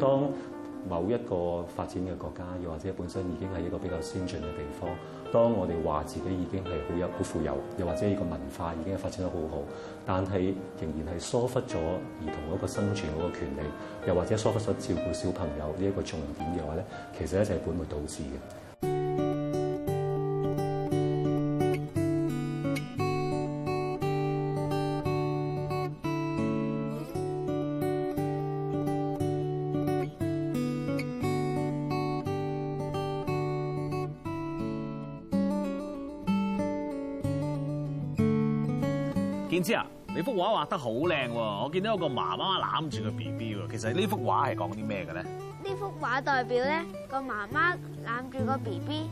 當某一個發展嘅國家，又或者本身已經係一個比較先進嘅地方，當我哋話自己已經係好有、好富有，又或者呢個文化已經係發展得好好，但係仍然係疏忽咗兒童嗰個生存嗰個權利，又或者疏忽咗照顧小朋友呢一個重點嘅話咧，其實咧就係本末倒置嘅。見知啊！你幅畫畫得好靚喎，我見到有個媽媽攬住個 B B 喎。嗯、其實呢幅畫係講啲咩嘅咧？呢幅畫代表咧個媽媽攬住個 B B，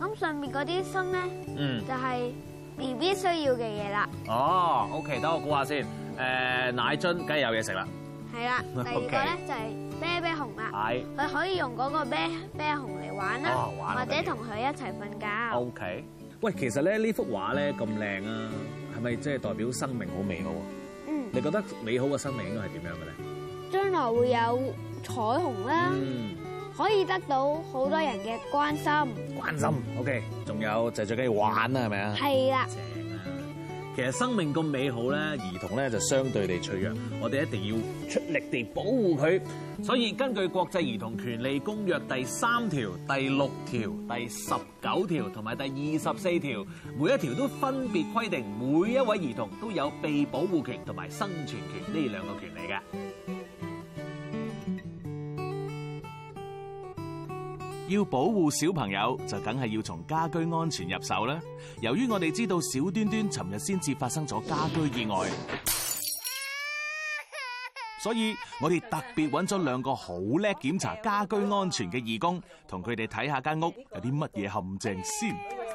咁上面嗰啲心咧，嗯，就係 B B 需要嘅嘢啦。哦，OK，等我估下先。誒、呃，奶樽，梗係有嘢食啦。係啦，第二個咧的就係啤啤熊啦。係的，佢可以用嗰個啤啤熊嚟玩啦，哦、玩或者同佢一齊瞓覺。的 OK，喂，其實咧呢幅畫咧咁靚啊！係咪即係代表生命好美好啊？嗯，你覺得美好嘅生命應該係點樣嘅咧？將來會有彩虹啦，可以得到好多人嘅關心。關心，OK。仲有就最緊要玩啦，係咪啊？係啦。其實生命咁美好咧，兒童咧就相對地脆弱，我哋一定要出力地保護佢。所以根據《國際兒童權利公約》第三條、第六條、第十九條同埋第二十四條，每一條都分別規定，每一位兒童都有被保護權同埋生存權呢兩個權利嘅。要保護小朋友，就梗係要從家居安全入手啦。由於我哋知道小端端尋日先至發生咗家居意外，所以我哋特別揾咗兩個好叻檢查家居安全嘅義工，同佢哋睇下間屋有啲乜嘢陷阱先。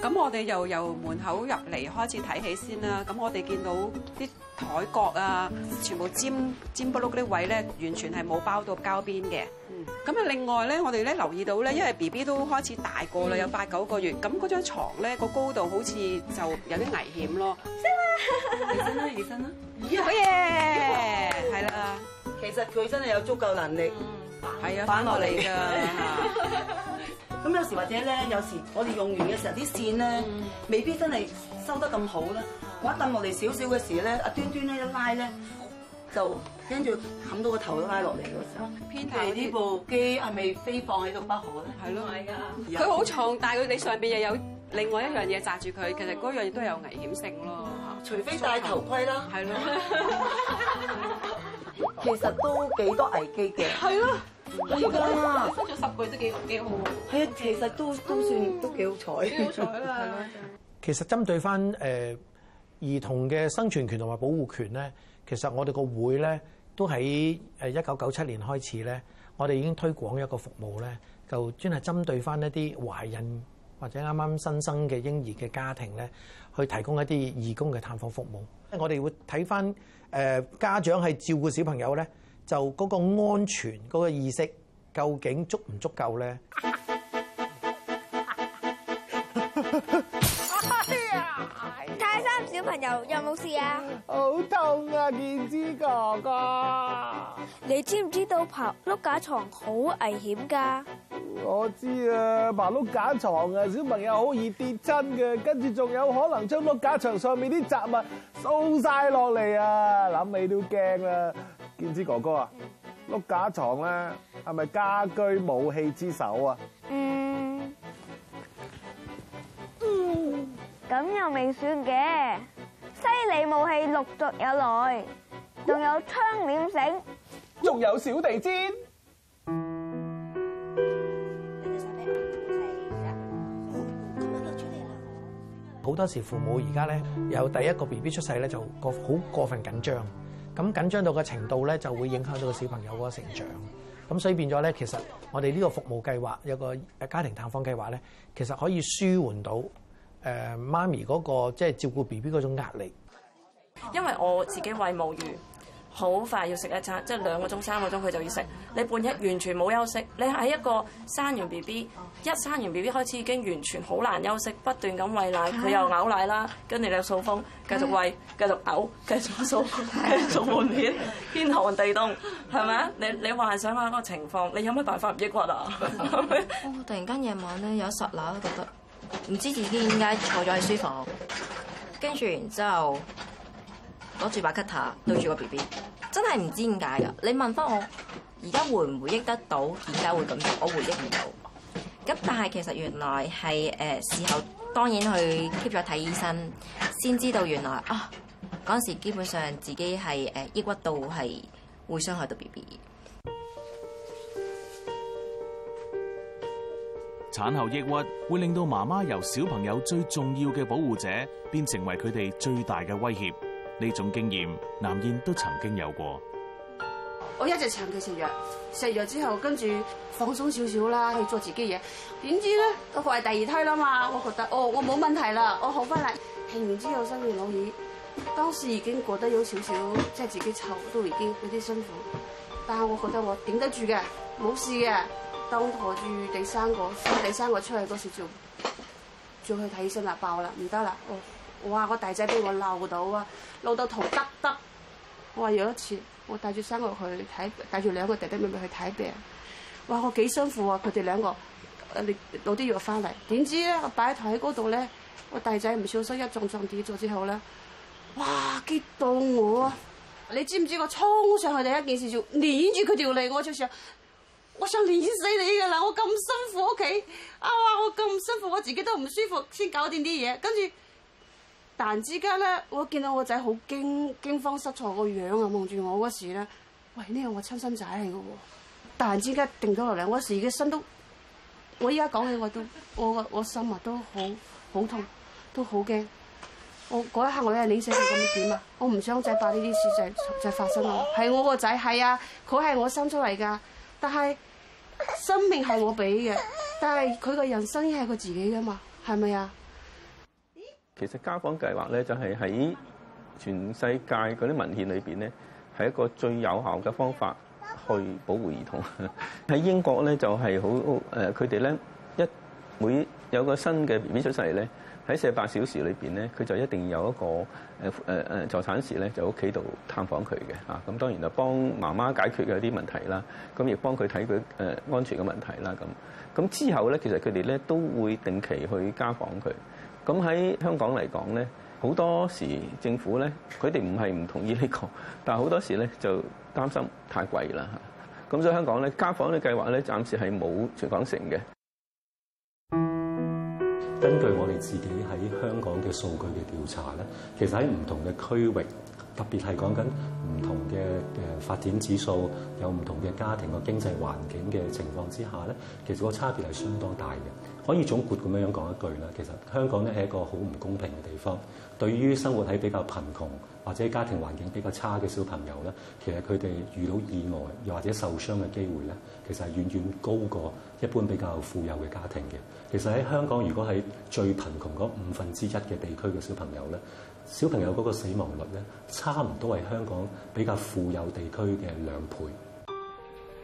咁我哋又由門口入嚟開始睇起先啦。咁我哋見到啲枱角啊，全部尖尖不碌嗰啲位咧，完全係冇包到膠邊嘅。咁啊，另外咧，我哋咧留意到咧，因為 BB 都開始大個啦，有八九個月。咁嗰張牀咧個高度好似就有啲危險咯。起身啦，起身啦，起身啦！咦，好嘢，係啦。其實佢真係有足夠能力，係啊，翻落嚟㗎。咁有時或者咧，有時我哋用完嘅時候啲線咧，未必真係收得咁好啦。我一掟落嚟少少嘅時咧，阿端端咧一拉咧，就跟住冚到個頭都拉落嚟嗰時候。偏係呢部機係咪非放喺度不可咧？係咯，係、哎、噶。佢好重，但係佢你上邊又有另外一樣嘢紮住佢，其實嗰樣嘢都有危險性咯、啊。除非戴頭盔啦。係咯、嗯。嗯嗯 其實都幾多危機嘅，係咯的，係噶，出咗十個月都幾幾好。係啊，其實都都算都幾、嗯、好彩。好吧其實針對翻誒、呃、兒童嘅生存權同埋保護權咧，其實我哋個會咧都喺誒一九九七年開始咧，我哋已經推廣一個服務咧，就專係針對翻一啲懷孕。或者啱啱新生嘅嬰兒嘅家庭咧，去提供一啲義工嘅探訪服務。我哋會睇翻誒家長係照顧小朋友咧，就嗰個安全嗰個意識究竟足唔足夠咧？泰山小朋友有冇事啊？好痛啊！劍之哥哥，你知唔知道爬碌架床好危險㗎？我知啊，麻碌架床啊，小朋友好易跌親嘅，跟住仲有可能將碌架床上面啲雜物掃晒落嚟啊！諗你都驚啦，健子哥哥啊，碌架床咧係咪家居武器之首啊？嗯，咁又未算嘅，犀利武器陸續有來，仲有窗簾繩，仲有小地氈。好多時父母而家咧，有第一個 B B 出世咧，就個好過分緊張，咁緊張到個程度咧，就會影響到個小朋友個成長。咁所以變咗咧，其實我哋呢個服務計劃有個家庭探訪計劃咧，其實可以舒緩到誒媽咪嗰、那個即係、就是、照顧 B B 嗰種壓力。因為我自己餵母乳。好快要食一餐，即係兩個鐘三個鐘佢就要食。你半日完全冇休息，你喺一個生完 B B，一生完 B B 開始已經完全好難休息，不斷咁餵奶，佢的又嘔奶啦，跟住你又掃風，繼續餵，繼續嘔，繼續掃，繼續換片，的天寒地凍，係咪啊？你你幻想下嗰個情況，你有咩辦法唔抑鬱啊？ 突然間夜晚咧有一剎那覺得，唔知自己點解坐咗喺書房，跟住然之後。攞住把 cutter 對住個 B B，真係唔知點解㗎。你問翻我而家會唔會憶得到點解會咁，我回憶唔到。咁但係其實原來係誒，事後當然去 keep 咗睇醫生，先知道原來啊嗰時基本上自己係誒、啊、抑鬱到係會傷害到 B B。產後抑鬱會令到媽媽由小朋友最重要嘅保護者，變成為佢哋最大嘅威脅。呢種經驗，南燕都曾經有過。我一直長期食藥，食藥之後跟住放鬆少少啦，去做自己嘢。點知咧，個係第二胎啦嘛，我覺得哦，我冇問題啦，我好翻嚟，停完之後生完老二，當時已經覺得有少少即係自己湊都已經有啲辛苦，但係我覺得我頂得住嘅，冇事嘅。當陀住第三個，第三個出嚟嗰時就就去睇醫生啦，爆啦，唔得啦，哦。哇！我大仔俾我鬧到啊，鬧到頭耷耷。我話有一次，我帶住三個去睇，帶住兩個弟弟妹妹去睇病。哇！我幾辛苦啊！佢哋兩個誒攞啲藥翻嚟，點知咧我擺喺台喺嗰度咧，我大仔唔小心一撞撞跌咗之後咧，哇！激到我啊！你知唔知我衝上去第一件事就攆住佢條脷，我就想，我想攆死你㗎啦！我咁辛苦屋企，啊！我咁辛苦，我自己都唔舒服，先搞掂啲嘢，跟住。突然之間咧，我見到我個仔好驚驚慌失措個樣啊，望住我嗰時咧，喂，呢個我親生仔嚟嘅喎！突然之間定咗落嚟，我時嘅心都，我依家講起我都，我個我心啊都好好痛，都好驚！我嗰一刻我係亂性咁點啊！我唔想再把呢啲事就再發生啊！係我個仔，係啊，佢係我生出嚟噶，但係生命係我俾嘅，但係佢個人生依係佢自己嘅嘛，係咪啊？其實家訪計劃咧，就係、是、喺全世界嗰啲文獻裏邊咧，係一個最有效嘅方法去保護兒童。喺 英國咧就係好誒，佢哋咧一每有一個新嘅 B B 出世咧，喺四十八小時裏邊咧，佢就一定要有一個誒誒誒助產士咧，就喺屋企度探訪佢嘅啊。咁當然就幫媽媽解決一啲問題啦，咁、啊、亦幫佢睇佢誒安全嘅問題啦。咁、啊、咁之後咧，其實佢哋咧都會定期去家訪佢。咁喺香港嚟講咧，好多時政府咧，佢哋唔係唔同意呢個，但係好多時咧就擔心太貴啦嚇。咁所以香港咧，家訪嘅計劃咧，暫時係冇全港成嘅。根據我哋自己喺香港嘅數據嘅調查咧，其實喺唔同嘅區域。特別係講緊唔同嘅誒發展指數，有唔同嘅家庭個經濟環境嘅情況之下咧，其實個差別係相當大嘅。可以總括咁樣樣講一句啦，其實香港咧係一個好唔公平嘅地方。對於生活喺比較貧窮或者家庭環境比較差嘅小朋友咧，其實佢哋遇到意外又或者受傷嘅機會咧，其實係遠遠高過一般比較富有嘅家庭嘅。其實喺香港，如果係最貧窮嗰五分之一嘅地區嘅小朋友咧，小朋友嗰個死亡率咧，差唔多係香港比較富有地區嘅兩倍。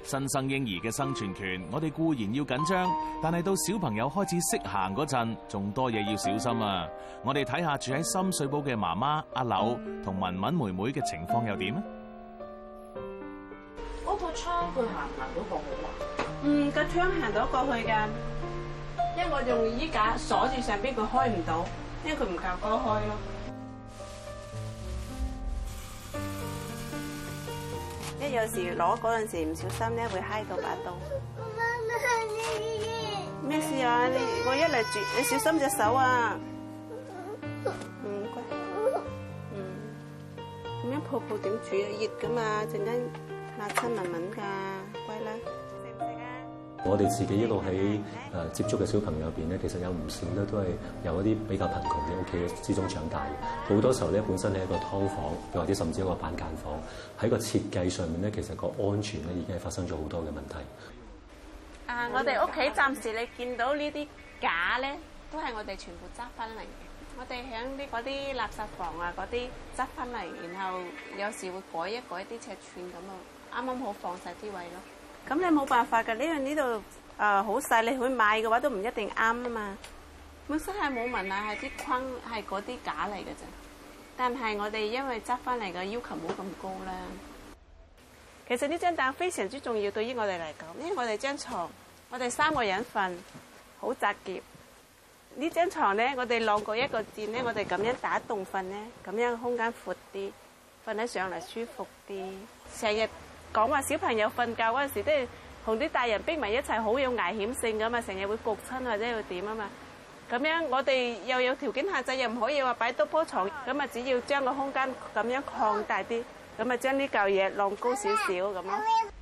新生嬰兒嘅生存權，我哋固然要緊張，但係到小朋友開始識行嗰陣，仲多嘢要小心啊！我哋睇下住喺深水埗嘅媽媽阿柳同文文妹妹嘅情況又點咧？嗰個窗佢行唔行到過去？嗯，個窗行到過去噶，因為我用衣架鎖住上邊，佢開唔到，因為佢唔夠高開咯。有時攞嗰陣時唔小心咧，會揩到把刀。咩事啊媽？我一嚟住，你小心隻手啊！唔該媽，嗯。咁、嗯、樣泡泡點煮啊？熱㗎嘛，陣間辣親聞聞㗎。嗯我哋自己一路喺誒接觸嘅小朋友入邊咧，其實有唔少咧都係由一啲比較貧窮嘅屋企之中長大嘅，好多時候咧本身係一個劏房，又或者甚至一個板間房，喺個設計上面咧，其實個安全咧已經係發生咗好多嘅問題。啊！我哋屋企暫時你見到呢啲架咧，都係我哋全部執翻嚟嘅。我哋響啲嗰啲垃圾房啊嗰啲執翻嚟，然後有時會改一改啲尺寸咁啊，啱啱好放晒啲位咯。咁你冇辦法㗎，因為呢度啊好細，你去買嘅話都唔一定啱啊嘛。本身係冇問題係啲框係嗰啲架嚟嘅啫，但係我哋因為執翻嚟嘅要求冇咁高啦。其實呢張凳非常之重要，對於我哋嚟講，因為我哋張牀我哋三個人瞓好紮結。呢張牀咧，我哋晾過一個墊咧，我哋咁樣打洞瞓咧，咁樣空間闊啲，瞓得上嚟舒服啲。成日。講話小朋友瞓覺嗰陣時，都係同啲大人逼埋一齊，好有危險性噶嘛，成日會焗親或者會點啊嘛。咁樣我哋又有條件限制，又唔可以話擺多鋪床。咁啊只要將個空間咁樣擴大啲，咁啊將呢嚿嘢晾高少少咁咯。爸爸爸爸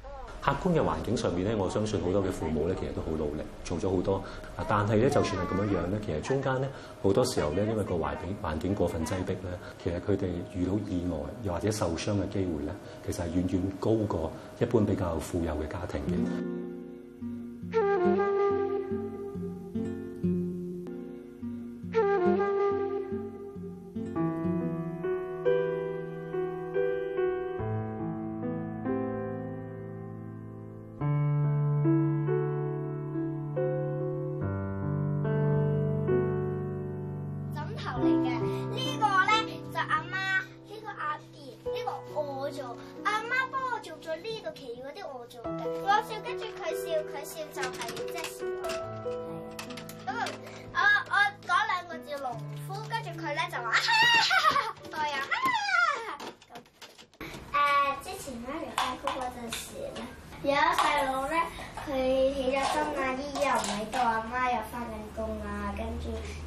客觀嘅環境上面，咧，我相信好多嘅父母咧，其實都好努力，做咗好多。但係咧，就算係咁樣樣咧，其實中間咧，好多時候咧，因為個環境環境過分擠迫咧，其實佢哋遇到意外又或者受傷嘅機會咧，其實係遠遠高過一般比較富有嘅家庭嘅。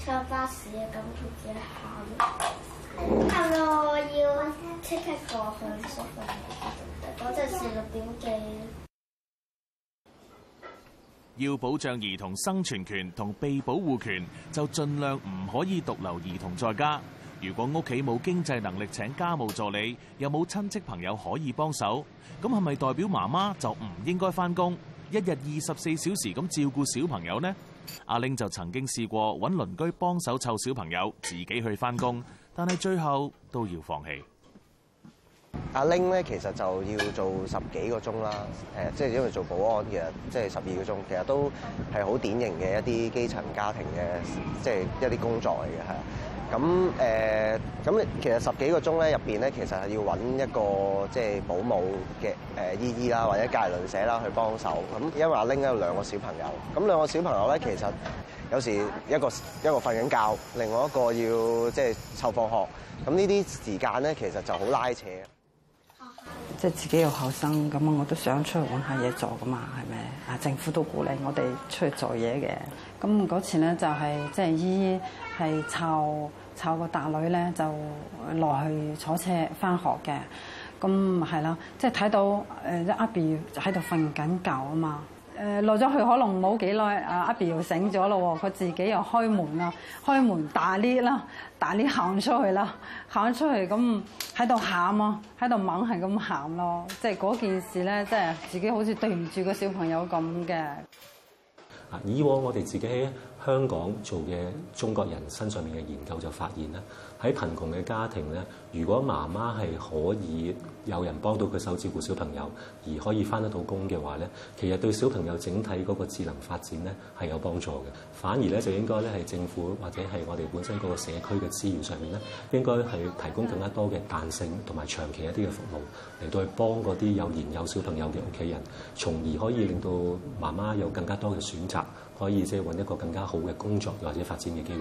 坐巴士啊！咁佢幾喊？喊咯！要即刻過去，陣時六點幾。要保障兒童生存權同被保護權，就盡量唔可以獨留兒童在家。如果屋企冇經濟能力請家務助理，又冇親戚朋友可以幫手，咁係咪代表媽媽就唔應該返工，一日二十四小時咁照顧小朋友呢？阿玲就曾經試過揾鄰居幫手湊小朋友，自己去返工，但係最後都要放棄。阿玲咧，其實就要做十幾個鐘啦，誒，即係因為做保安嘅，即係十二個鐘，其實都係好典型嘅一啲基層家庭嘅，即係一啲工作嚟嘅吓。咁誒，咁其實十幾個鐘咧入邊咧，其實係要搵一個即係保姆嘅誒姨姨啦，或者隔籬鄰舍啦去幫手。咁因為阿玲有兩個小朋友，咁兩個小朋友咧其實有時一個一個瞓緊覺，另外一個要即係湊放學，咁呢啲時間咧其實就好拉扯。即係自己有後生咁，我都想出去揾下嘢做噶嘛，係咪啊？政府都鼓勵我哋出去做嘢嘅。咁嗰次咧就係即係姨姨係湊湊個大女咧，就落去坐車翻學嘅。咁係啦，即係睇到即阿 B 喺度瞓緊覺啊嘛～誒落咗去可能冇幾耐，阿 B 又醒咗咯喎，佢自己又開門啦，開門打啲啦，打啲行出去啦，行出去咁喺度喊啊，喺度猛係咁喊咯，即係嗰件事咧，即係自己好似對唔住個小朋友咁嘅。啊，以往我哋自己。香港做嘅中國人身上面嘅研究就發現咧，喺貧窮嘅家庭咧，如果媽媽係可以有人幫到佢手照顧小朋友，而可以翻得到工嘅話咧，其實對小朋友整體嗰個智能發展咧係有幫助嘅。反而咧就應該咧係政府或者係我哋本身嗰個社區嘅資源上面咧，應該係提供更加多嘅彈性同埋長期一啲嘅服務嚟到去幫嗰啲有年有小朋友嘅屋企人，從而可以令到媽媽有更加多嘅選擇。可以即係揾一個更加好嘅工作或者發展嘅機會。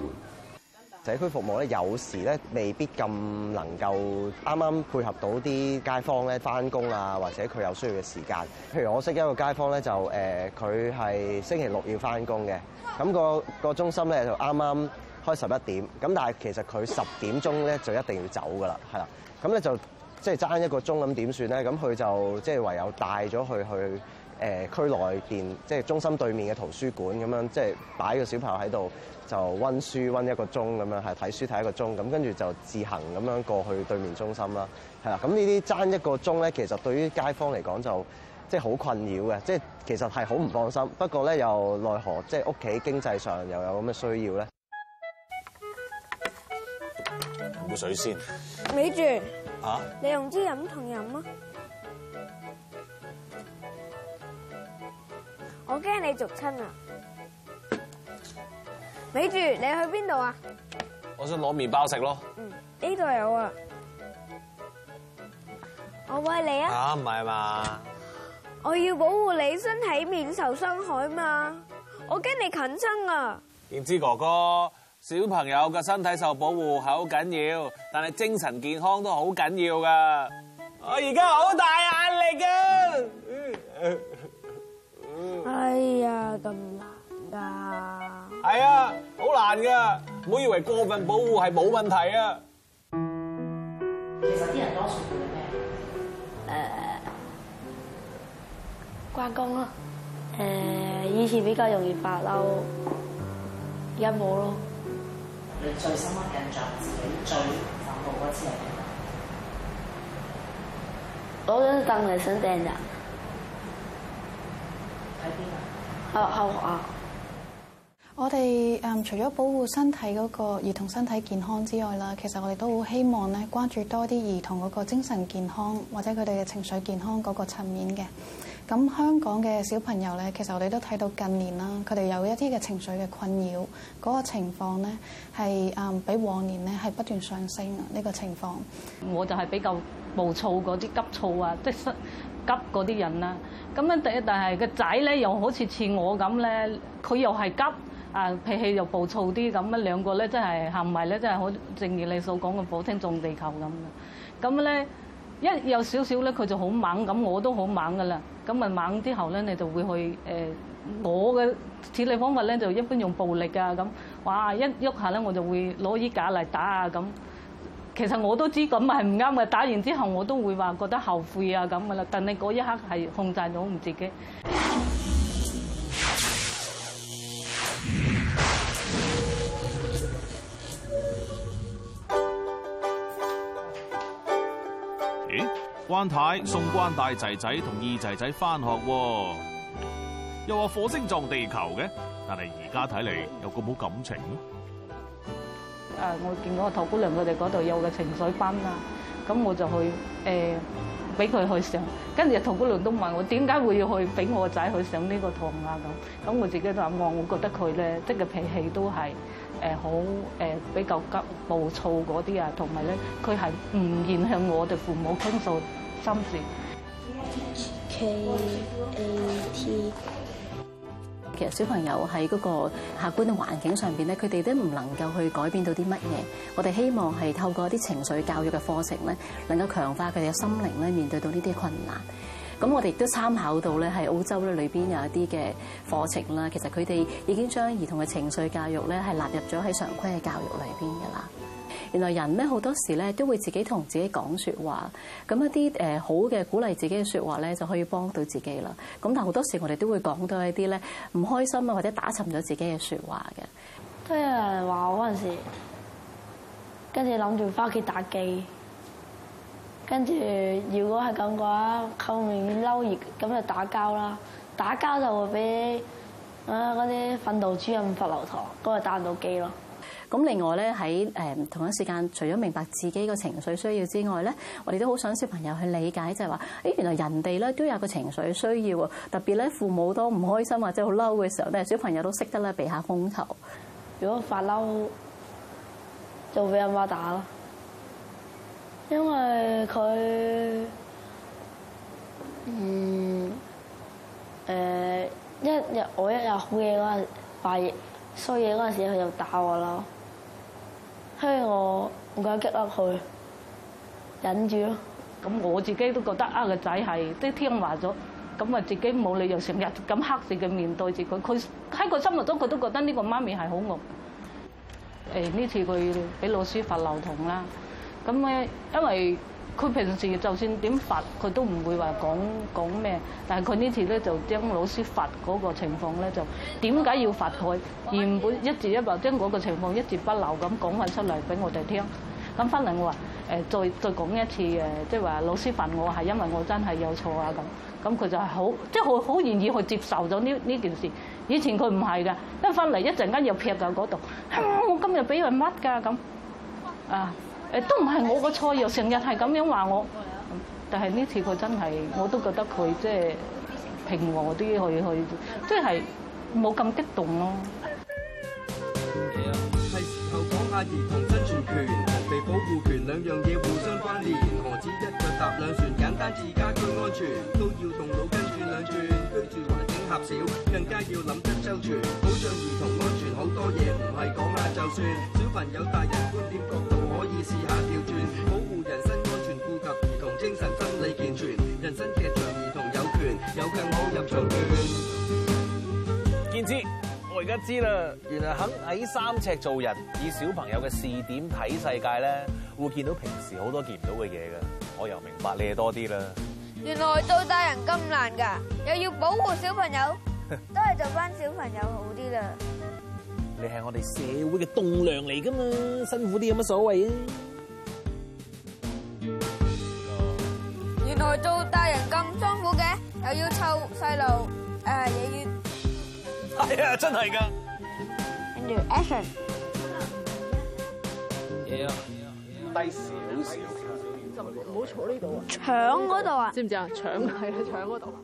社區服務咧，有時咧未必咁能夠啱啱配合到啲街坊咧翻工啊，或者佢有需要嘅時間。譬如我識一個街坊咧，就誒、佢係星期六要翻工嘅，咁個個中心咧就啱啱開十一點，咁但係其實佢十點鐘咧就一定要走㗎啦，係啦。咁咧就即係爭一個鐘咁點算咧？咁佢就即係唯有帶咗佢去。誒、呃、區內邊，即係中心對面嘅圖書館咁樣，即係擺個小朋友喺度就溫書溫一個鐘咁樣，係睇書睇一個鐘，咁跟住就自行咁樣過去對面中心啦。係啦，咁呢啲爭一個鐘咧，其實對於街坊嚟講就即係好困擾嘅，即係其實係好唔放心。不過咧又奈何，即係屋企經濟上又有咁嘅需要咧。冇水先。美住。啊。你用支飲同飲啊。我驚你逐親啊！美住，你去邊度啊？我想攞麵包食咯。嗯，呢度有啊。我餵你啊。啊，唔係嘛？我要保護你身體免受傷害嘛。我驚你近親啊。點知哥哥，小朋友嘅身體受保護係好緊要，但係精神健康都好緊要噶。我而家好大壓力噶！ 哎呀，咁難噶！係啊，好難噶，唔好以為過分保護係冇問題啊。其實啲人當數據係咩？誒、呃，關工關公咯。誒、呃，以前比較容易發嬲，而家冇咯。你最深刻印象自己最防護嗰次係咩？我嗰陣當衛生站長。啊，後啊！我哋嗯，除咗保護身體嗰個兒童身體健康之外啦，其實我哋都好希望咧關注多啲兒童嗰個精神健康或者佢哋嘅情緒健康嗰個層面嘅。咁香港嘅小朋友咧，其實我哋都睇到近年啦，佢哋有一啲嘅情緒嘅困擾嗰個情況咧，係嗯比往年咧係不斷上升啊，呢個情況。我就係比較暴躁嗰啲急躁啊，即係。急嗰啲人啦，咁樣第一，但係個仔咧又好似似我咁咧，佢又係急啊，脾氣又暴躁啲，咁樣兩個咧真係行埋咧真係好正如你所講嘅火星撞地球咁。咁咧一有少少咧佢就好猛，咁我都好猛噶啦。咁啊猛之後咧，你就會去誒、呃、我嘅處理方法咧就一般用暴力啊咁，哇一喐下咧我就會攞衣架嚟打啊咁。其實我都知咁咪係唔啱嘅，打完之後我都會話覺得後悔啊咁噶啦。但你嗰一刻係控制到唔自己。咦、欸？關太送關大仔仔同二仔仔返學喎，又話火星撞地球嘅，但係而家睇嚟有咁冇感情咩？啊！我見到個陶姑娘，佢哋嗰度有個情緒班啊，咁我就去誒俾佢去上。跟住陶姑娘都問我點解會要去俾我仔去上呢個堂啊咁。咁我自己諗，我覺得佢咧，即係脾氣都係誒好誒比較急暴躁嗰啲啊，同埋咧，佢係唔願向我哋父母傾訴心事。K A T 其實小朋友喺嗰個客觀嘅環境上邊咧，佢哋都唔能夠去改變到啲乜嘢。我哋希望係透過一啲情緒教育嘅課程咧，能夠強化佢哋嘅心靈咧，面對到呢啲困難。咁我哋亦都參考到咧，喺澳洲咧裏邊有一啲嘅課程啦。其實佢哋已經將兒童嘅情緒教育咧係納入咗喺常規嘅教育裏邊㗎喇。原來人咧好多時咧都會自己同自己講説話，咁一啲誒好嘅鼓勵自己嘅説話咧就可以幫到自己啦。咁但係好多時我哋都會講到一啲咧唔開心啊或者打沉咗自己嘅説話嘅。都有人話我嗰陣時，跟住諗住返屋企打機，跟住如果係咁嘅話，後面嬲熱咁就打交啦，打交就會俾啊嗰啲訓導主任罰留堂，嗰日打唔到機咯。咁另外咧，喺誒同一時間，除咗明白自己個情緒需要之外咧，我哋都好想小朋友去理解就，就係話，誒原來人哋咧都有個情緒需要喎。特別咧，父母當唔開心或者好嬲嘅時候咧，小朋友都識得咧避下風頭。如果發嬲，就俾阿媽打咯。因為佢，嗯，誒、呃、一日我一日好嘢嗰陣，壞衰嘢嗰陣時，佢就打我咯。嘿，我唔敢激佢，忍住咯。咁我自己都覺得啊，個仔係即係聽話咗，咁啊自己冇理由成日咁黑字嘅面對住佢。佢喺佢心目中，佢都覺得呢個媽咪係好惡。誒呢次佢俾老師罰留堂啦。咁咧，因為。佢平時就算點罰佢都唔會話講講咩，但係佢呢次咧就將老師罰嗰個情況咧就點解要罰佢，原本一字一話將嗰個情況一字不漏咁講翻出嚟俾我哋聽。咁翻嚟我話誒，再再講一次誒，即係話老師罰我係因為我真係有錯啊咁。咁佢就係好即係好好願意去接受咗呢呢件事。以前佢唔係㗎，一翻嚟一陣間又劈緊嗰度，我今日俾佢乜㗎咁啊！誒都唔係我個錯，又成日係咁樣話我。但係呢次佢真係，我都覺得佢即係平和啲去去，即係冇咁激動咯。係時候講下兒童生存權同被保護權兩樣嘢互相關聯，何止一腳踏兩船？簡單自家居安全都要動腦筋轉兩轉，居住環境狹小更加要諗得周全。保障兒童安全好多嘢唔係講下就算。朋友，大人觀點角度可以試下調轉，保護人身安全，顧及兒童精神心理健全，人生劇場兒童有權有更好入場券。健知我而家知啦，原來肯喺三尺做人，以小朋友嘅視點睇世界咧，會見到平時好多見唔到嘅嘢噶。我又明白你嘢多啲啦。原來做大人咁難噶，又要保護小朋友， 都係做翻小朋友好啲啦。你係我哋社會嘅棟樑嚟㗎嘛，辛苦啲有乜所謂啊？原來做大人咁辛苦嘅，又要湊細路，誒，又要係啊，真係㗎。跟住 action，嘢啊，低少少，唔好坐呢度啊，搶嗰度啊，知唔知啊？搶係啊，搶嗰度。